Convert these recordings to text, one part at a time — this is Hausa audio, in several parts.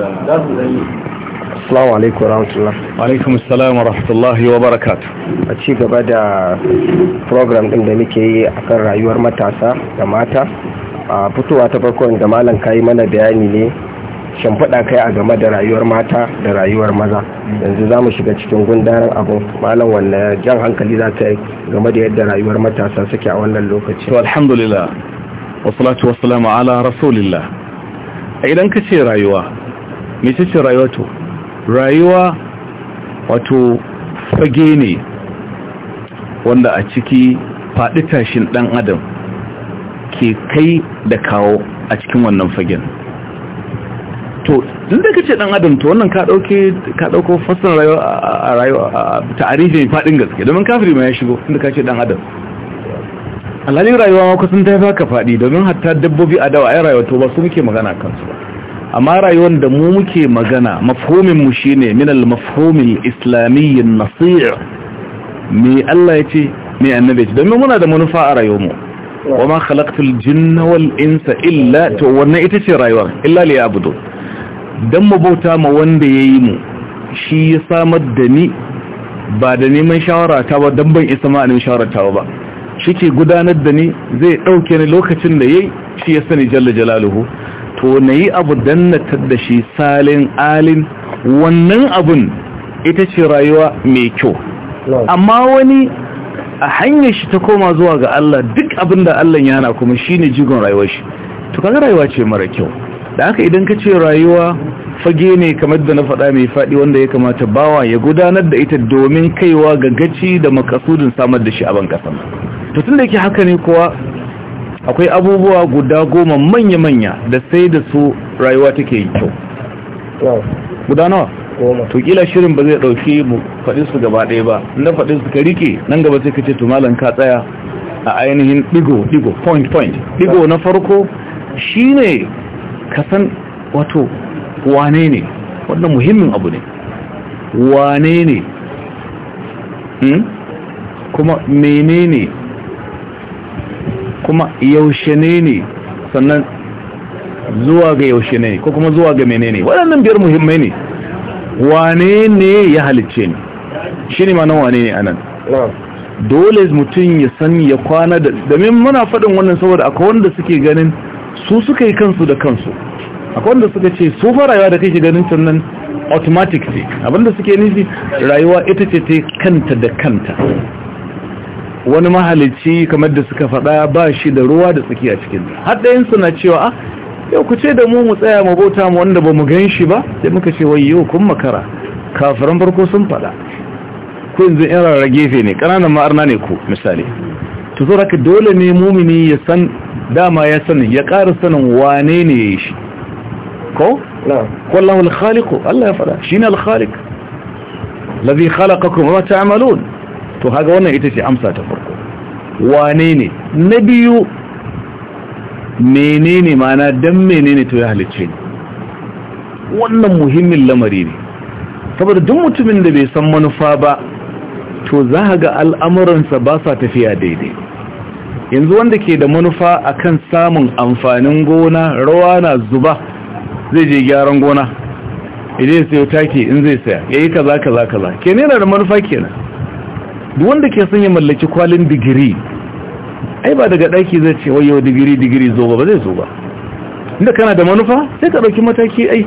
saboda za su Assalamu alaikum warahmatullah. Wa alaikum assalam wa rahmatullahi A ci gaba da program din da muke yi akan rayuwar matasa da mata. A fitowa ta farko da malam kayi mana bayani ne shimfiɗa kai a game da rayuwar mata da rayuwar maza yanzu za mu shiga cikin gundarin abu. malam wanne jan hankali za ta yi game da yadda rayuwar matasa suke a wannan lokaci to alhamdulillah wasalatu wasalamu ala rasulillah A idan ka ce rayuwa mecece rayuwa to rayuwa wato fage ne wanda a ciki faɗi tashin ɗan adam ke kai da kawo a cikin wannan fagen to din da kace dan adam to wannan ka dauke ka dauko fassara rayuwa a rayuwa ta'arifi fadin gaske domin kafiri ma ya shigo din da kace dan adam alhalin rayuwa ma kusan ta faka fadi domin hatta dabbobi a dawa ai rayuwa to ba su muke magana kansu ba amma rayuwar da mu muke magana mafhumin mu shine min al-mafhumil islamiyyi me Allah yace me annabi yace domin muna da manufa a rayuwar mu ma khalaqtul jinna wal insa illa to wannan ita ce rayuwar illa yabudu dan mu bauta ma wanda yayi mu shi ya samar da ni ba da neman shawara ta ba dan ban isa ma neman shawara ta ba shi ke gudanar da ni zai dauke ni lokacin da yayi shi ya sani jalla jalaluhu to na yi abu don na tadda shi salin alin wannan abun ita ce rayuwa mai kyau amma wani a hanyar shi ta koma zuwa ga Allah duk abin da Allah yana kuma shi ne jigon rayuwar shi to kaga rayuwa ce mara kyau da haka idan ka ce rayuwa fage ne kamar da na faɗa mai faɗi wanda ya kamata bawa ya gudanar da ita domin kaiwa ga gaci da makasudin samar da shi a ban ƙasa to tun da yake haka ne kuwa akwai abubuwa guda goma manya-manya da sai da su rayuwa take yi kyau guda nawa to kila shirin ba zai dauki mu faɗin su gaba ɗaya ba inda faɗin su ka rike nan gaba sai ka ce malam ka tsaya a ainihin digo digo point point digo na farko shine ka san wato wane ne wannan muhimmin abu ne wane ne hmm? kuma menene kuma yaushe ne ne sannan zuwa ga yaushe ne ko kuma zuwa ga menene waɗannan biyar muhimmai ne wane ne ya halicce ni shi ne mana wane ne anan dole mutum ya san ya kwana da domin muna faɗin wannan saboda akwai wanda suke ganin su suka yi kansu da kansu akwai wanda suka ce su fa rayuwa da ke ganin sannan automatic ce abinda suke nufi rayuwa ita ce ta kanta da kanta wani mahalicci kamar da suka faɗa ba shi da ruwa da tsaki a cikin haɗayin suna cewa ah yau ku ce da mu mu tsaya mu bauta mu wanda ba mu gan shi ba sai muka ce wai yau kun makara kafiran farko sun faɗa ko yanzu yan rarra gefe ne ƙananan ma'arna ne ku misali to zo raka dole ne mumini ya san dama ya sanin ya ƙara sanin wane ne ya yi shi ko? wallahu alkhaliku Allah ya faɗa shi ne alkhalik lazi khalaqakum wa ta'malun to haga wannan ita ce amsa ta farko wane ne na biyu menene mana dan menene to ya halicce ne wannan muhimmin lamari ne saboda duk mutumin da bai san manufa ba to za a ga al'amuransa ba sa tafiya daidai yanzu wanda ke da manufa akan samun amfanin gona rawa na zuba zai je gyaran gona idan ya sayo take in zai saya yayi kaza kaza kaza kenan yana da manufa kenan duk wanda ke son ya mallaki kwalin digiri ai ba daga daki zai ce wayo digiri digiri zo ba zai zo ba inda kana da manufa sai ka dauki mataki ai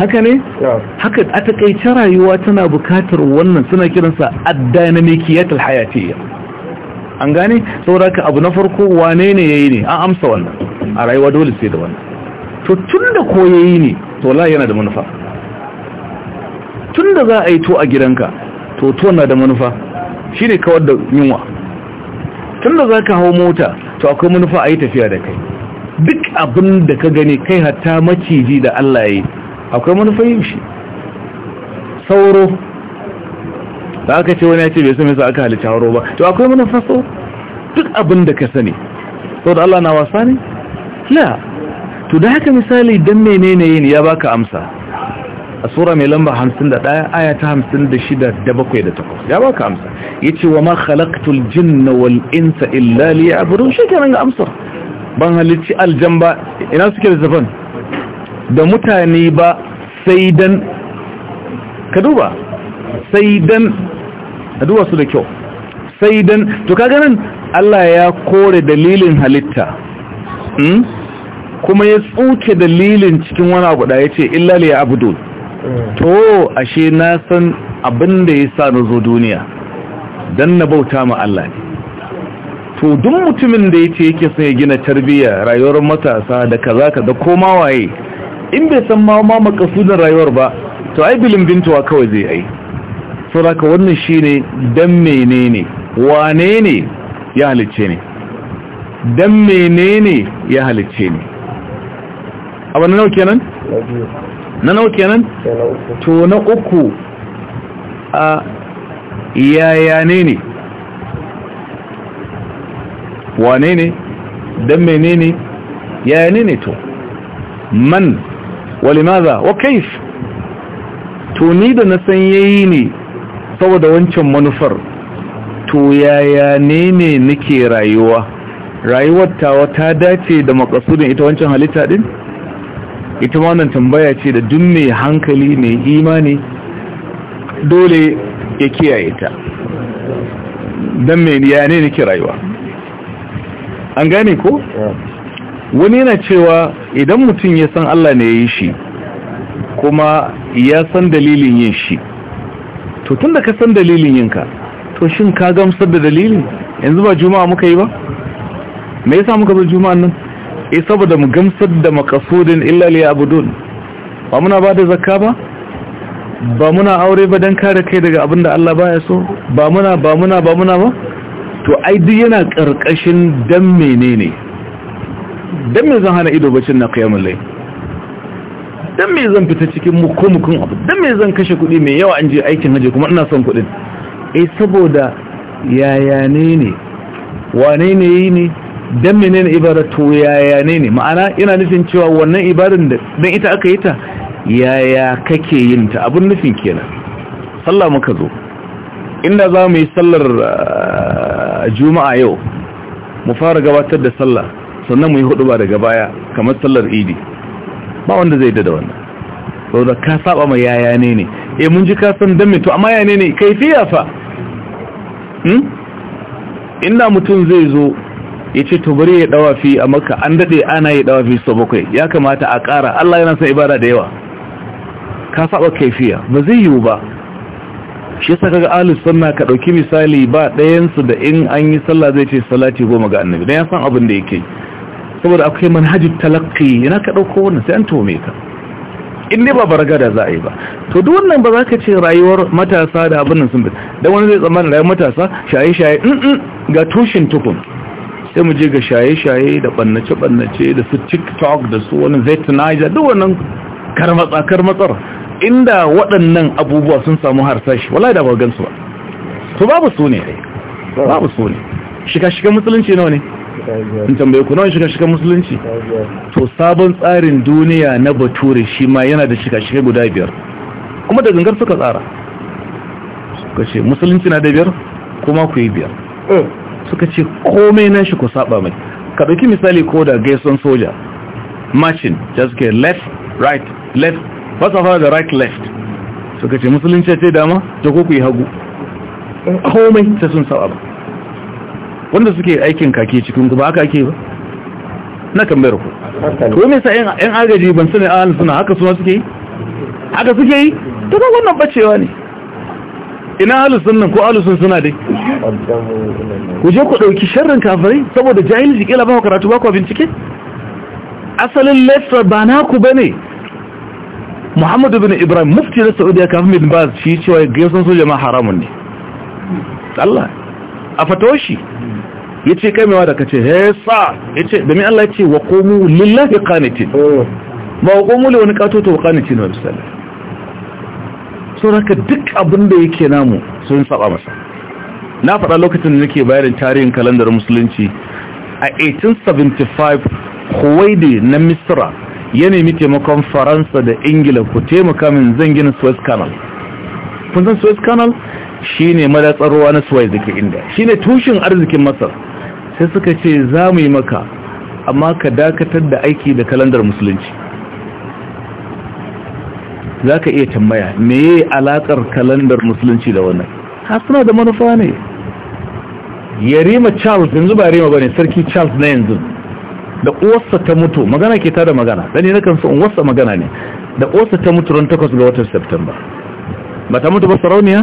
haka ne haka a takaice rayuwa tana bukatar wannan suna kiransa ad-dynamikiyatul hayatiyya an gane saboda ka abu na farko wane ne yayi ne an amsa wannan a rayuwa dole sai da wannan to tunda ko yayi ne to la yana da manufa tunda za a yi to a gidanka to to na da manufa shi ne kawar da yunwa tun da za ka hau mota to akwai manufa a yi tafiya da kai duk abin da ka gani kai hatta maciji da Allah yi akwai manufa yin shi sauro da aka ce wani ya ce bai sami sa aka halicci haro ba to akwai manufa so duk abin da ka sani so da Allah na wasa ne? la to da haka misali don menene yin ya baka amsa a tsura mai lamba 51 aya ta 56 da 7 da 8 ya baka amsa yace wa ma khalaqtul jinna wal insa illa liya'budun shikenan ga amsar ban halicci aljan ba ina suke da zafan da mutane ba sai dan ka duba sai dan ka duba su da kyau sai dan to kaga nan Allah ya kore dalilin halitta hmm? kuma ya tsuke dalilin cikin wani abu da yace illa liya'budun hmm. to ashe na san abin da ya na zo duniya dan na bauta ma Allah ne to duk mutumin da ce yake son ya gina tarbiyya rayuwar matasa da kaza ka da koma waye in bai san ma ma makasudin rayuwar ba to ai bilin bintuwa kawai zai ai saboda wannan shine dan menene wane ne ya halicce ne dan menene ya halicce ne abu na nawa kenan na nawa kenan to na uku a yaya ne ne wane ne don mene ne yaya ne ne to man walimaza wa kaif to ni da na san yayi ne saboda wancan manufar to yaya ne ne nake rayuwa rayuwar ta ta dace da makasudin ita wancan halitta din ita wannan tambaya ce da duk mai hankali mai imani dole ya kiyaye ta don mai ya ne nake rayuwa an gane ko wani yana cewa idan mutum ya san Allah ne ya yi shi kuma ya san dalilin yin shi to tun da ka san dalilin yinka to shin ka gamsar da dalilin yanzu ba juma'a muka yi ba me yasa muka zo juma'an nan eh saboda mu gamsar da makasudin illa li abudun ba muna ba da zakka ba ba muna aure ba don kare kai daga abin da Allah baya so ba muna ba muna ba muna ba to ai duk yana karkashin dan menene dan me zan hana ido bacin na qiyamul layl dan me zan fita cikin mukumukun abu dan me zan kashe kuɗi mai yawa an je aikin haje kuma ina son kuɗin eh saboda yaya ne ne wane ne yi ne dan menene ibadatu yaya ne ne ma'ana ina nufin cewa wannan ibarin da dan ita aka yi ta yaya kake yin ta abin nufin kenan sallah muka zo inda za mu yi sallar ah, juma'a yau mu fara gabatar da sallah sannan mu yi hudu ba daga baya kamar sallar idi ba wanda zai da wannan da ka saba mai yaya ne ne e mun ji ka san dan to amma yaya ne ne kaifiya fa hmm? inda mutum zai zo ya ce to bari ya dawafi a maka an dade ana yi dawafi sau bakwai ya kamata a ƙara Allah yana sa ibada da yawa ka saba kaifiya ba zai yiwu ba shi yasa kaga ahlus sunna ka dauki misali ba ɗayan su da in an yi sallah zai ce salati goma ga annabi dan ya san abin da yake saboda akwai manhajin talaqqi yana ka dauko wannan sai an tome ka in ne ba baraga da za a yi ba to duk wannan ba za ka ce rayuwar matasa da abin nan sun bi dan wani zai tsammana rayuwar matasa shaye shaye in ga tushin tukun sai mu je ga shaye shaye da bannace bannace da su tiktok da su wani zetanizer duk wannan karmatsa karmatsar inda waɗannan abubuwa sun samu harsashi wala da ba gansu ba to babu su ne babu su ne shika-shikan musulunci nawa ne in tambaye ku nawa shika-shikan musulunci to sabon tsarin duniya na bature shi ma yana da shika-shikai guda biyar kuma da gangar suka tsara suka ce musulunci na da biyar kuma ku yi biyar suka ce komai na shi ku saba mai ka ɗauki misali ko da gaison soja marching just get left right left first of all the right left so ce musulunci ce dama ta ko ku yi hagu komai ta sun sa ba wanda suke aikin kake cikin ku ba aka ake ba na kambayar ku to me sa yan agaji ban sani a suna haka suna suke yi haka suke yi to ba wannan bacewa ne ina alusun nan ko alusun suna dai ku je ku dauki sharrin kafirai saboda jahilci kila ba ku karatu ba ku bincike asalin lesa ba na ku bane muhammadu bin ibrahim mufti na saudiya kafin bin baz shi cewa gaisan soja ma haramun ne Allah a fatoshi. ya ce kai kaimewa da ce he sa ya ce da domin Allah ya ce wa komu lillahi kanitin ba wa komu da wani ta wa kanitin wa So sauraka duk abin da yake namu sun saba masa na faɗa lokacin da nake bayanin tarihin kalandar musulunci a 1875 huwaidi na misra ya nemi taimakon faransa da ingila ku taimaka min zan gina suez canal kun san suez canal shi ne madatsar ruwa na suez da ke inda shi ne tushen arzikin masar sai suka ce za mu yi maka amma ka dakatar da aiki da kalandar musulunci za ka iya tambaya me ya alaƙar kalandar musulunci da wannan hasuna da manufa ne ya rima charles yanzu ba rima ba ne sarki charles na yanzu da uwarsa ta mutu magana ke tada magana ɗani na kansu so in wasa magana ne da uwarsa ta mutu ran takwas ga watan September ba ta mutu ba sarauniya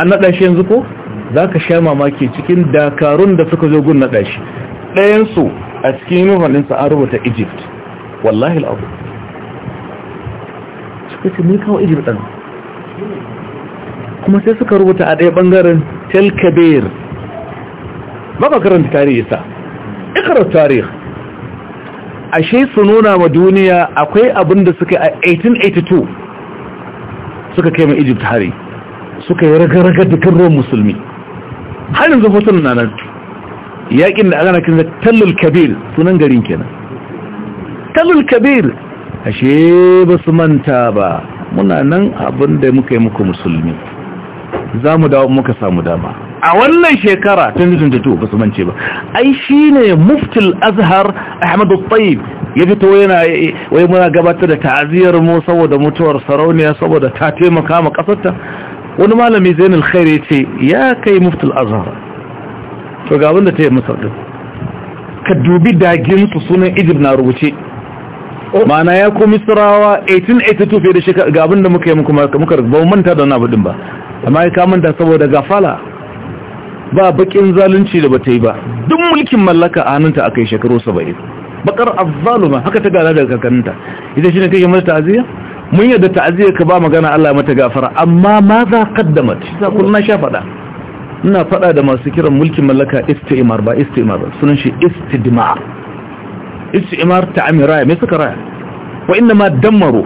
an naɗa shi yanzu ko Za ka sha mamaki cikin dakarun da suka zo gun naɗa shi Ɗayensu a cikin yi sa an rubuta Egypt wallahi al'azim suka ce mun kawo Egypt din kuma sai suka rubuta a ɗaya ɓangaren Tel Kabir ka karanta tarihi sa Ikarar tarihi ashe su nuna wa duniya akwai abin da suka a 1882 suka kai ma egypt hari suka yi raga-raga da ruwan musulmi har yanzu hoton na nan yakin da ana kinsa tallul kabir sunan garin kenan tallul kabir ashe ba su manta ba muna nan abin da muka yi muku musulmi za mu dawo muka samu dama a wannan shekara ta 2022 ba su mance ba ai ne muftil azhar ahmadu tayyib ya fito yana wai muna gabatar da ta'aziyar mu saboda mutuwar sarauniya saboda ta taimaka ma kasarta wani malami zainul alkhair ya ce ya kai muftil azhar to ga abin da ta yi masar din ka dubi dagin su sunan ijib na rubuce mana ya ko misrawa 1882 fiye da shekara ga abin da muka yi muka muka ba manta da wani abu din ba amma ya kamanta saboda gafala ba bakin zalunci da bata yi ba duk mulkin mallaka a hannunta akai shekaru 70 bakar azzaluma haka ta gada daga kakanninta ita ne kake mata ta'aziyya mun yadda ta'aziyya ka ba magana Allah mata gafara amma ma za qaddamat za kullun sha fada ina fada da masu kiran mulkin mallaka istimar ba istimar sunan shi istidma istimar ta'amira mai suka raya wa inma dammaru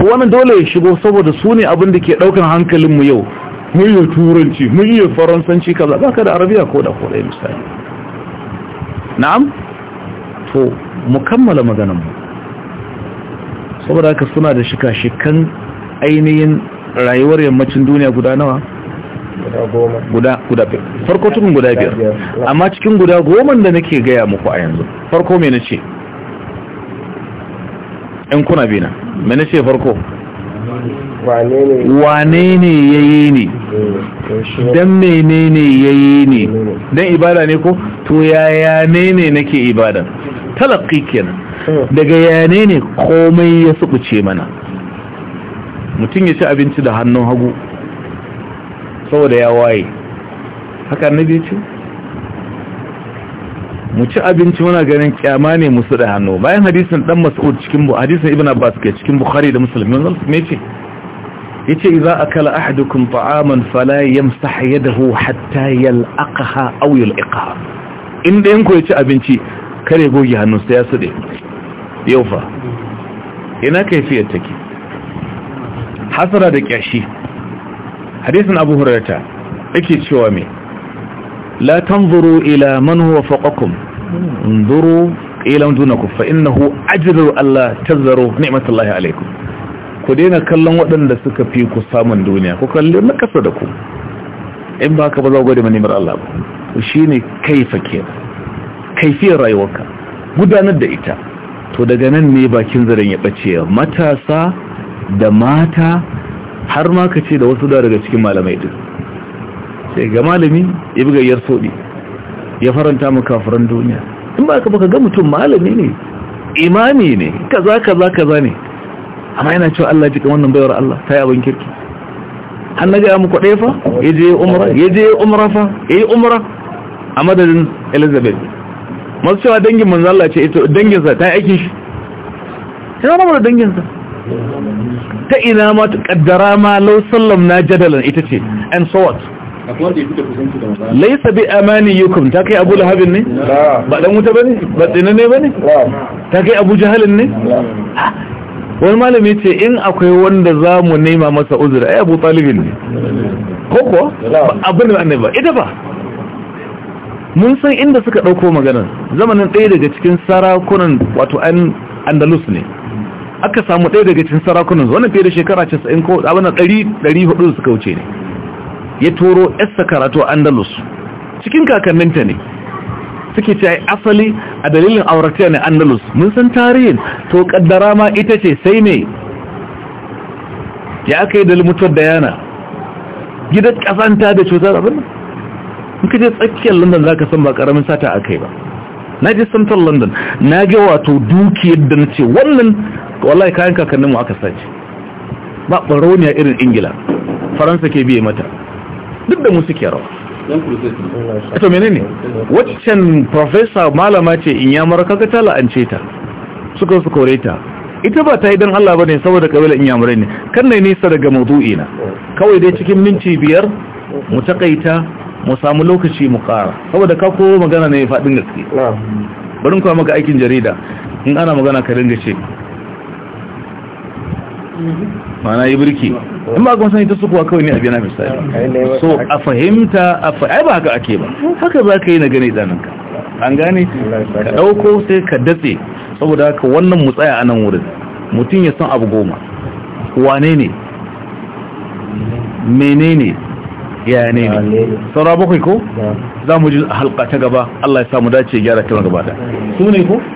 to wannan dole ya shigo saboda su ne abin da ke daukan mu yau mun yi turanci mun yi faransanci kaza baka da arabiya ko da ko misali na'am to mu kammala maganar mu saboda haka suna da shika-shikan ainihin rayuwar yammacin duniya guda nawa guda guda biyar farko tun guda biyar amma cikin guda goman da nake gaya muku a yanzu farko me nace in kuna bina me nace farko wane ne ya ne dan menene yayi ne dan ibada ne ko to yaya ne ne nake ibada talaqqi kenan daga yane ne komai ya subuce mana mutum ya ci abinci da hannun hagu saboda ya waye haka annabi ce mu ci abinci muna ganin kyama ne musu da hannu bayan hadisin dan mas'ud cikin bu hadisin ibn abbas ke cikin bukhari da muslim ne ce yace idza akala ahadukum ta'aman fala yamsah yadahu hatta yalqaha aw yulqaha inda yanku yace abinci kare goge hannu sai ya sude yau fa ina kaifiyar take hasara da kyashi hadisin abu hurairata yake cewa me la tanzuru ila man huwa faqakum انظروا إلى من دونكم فإنه allah ta zaro. نعمة الله ku daina kallon waɗanda suka fi ku samun duniya ku kalli na kasa da ku in ba ka ba za ku gode manimar Allah ba shi ne kaifa ke kaifiyar rayuwarka gudanar da ita to daga nan ne bakin zaren ya ɓace matasa da mata har ma ka ce da wasu da daga cikin malamai din sai ga malami ya buga yar soɗi ya faranta mu kafiran duniya in ba ka ba ka ga mutum malami ne imami ne kaza kaza kaza ne amma yana cewa Allah jika wannan bayar Allah ta yi abin kirki an na gaya muku ɗaya fa ya je umra ya je umra fa ya yi umra a madadin elizabeth masu cewa dangin manzo Allah ce ita danginsa ta yi aikin shi ta ma da danginsa ta ina ma ta kaddara ma lau sallam na jadalan ita ce and so what laisa bi amani yukum ta kai abu lahabin ne ba dan wuta bane ba tsinane bane ta kai abu jahalin ne wani malami ce in akwai wanda za mu nema masa uzuri ai abu talibin ne ko ko abin da annai ba ita ba mun san inda suka ɗauko maganar zamanin ɗaya daga cikin sarakunan wato an andalus ne aka samu ɗaya daga cikin sarakunan wannan fiye da shekara 90 ko abin 400 suka wuce ne ya toro yasta karatu a andalus cikin kakanninta ne suke ce asali a dalilin auratiya ne andalus mun san tarihin to kaddara ma ita ce sai ne ya aka yi da mutuwar dayana gidan kasanta da cutar abin in ka je tsakiyar london za ka san ba karamin sata a kai ba na je central london na ga wato dukiyar da na ce wannan wallahi kayan kakannin mu aka sace ba ɓarauniya irin ingila faransa ke biye mata duk da mu suke rawa to menene waccan profesa malama ce in yamar kaka ta la'ance ta suka su kore ta ita ba ta yi don Allah bane saboda kabila in mara ne kan ne nisa daga mawdu'i na kawai dai cikin minti biyar mu takaita mu samu lokaci mu kara saboda ka ko magana ne faɗin gaske bari kuma maka aikin jarida in ana magana ka dinga ce mana yi birki in ba kuma sani ta sukuwa kawai ne a biyana misali so a fahimta a fahimta ba haka ake ba haka za ka yi na gani idanunka an gane ka ɗauko sai ka datse saboda haka wannan mu tsaya a nan wurin mutum ya san abu goma wane ne ne ya ne ne saura bakwai ko za mu ji halka ta gaba Allah ya samu dace gyara kira gaba ta su ne ko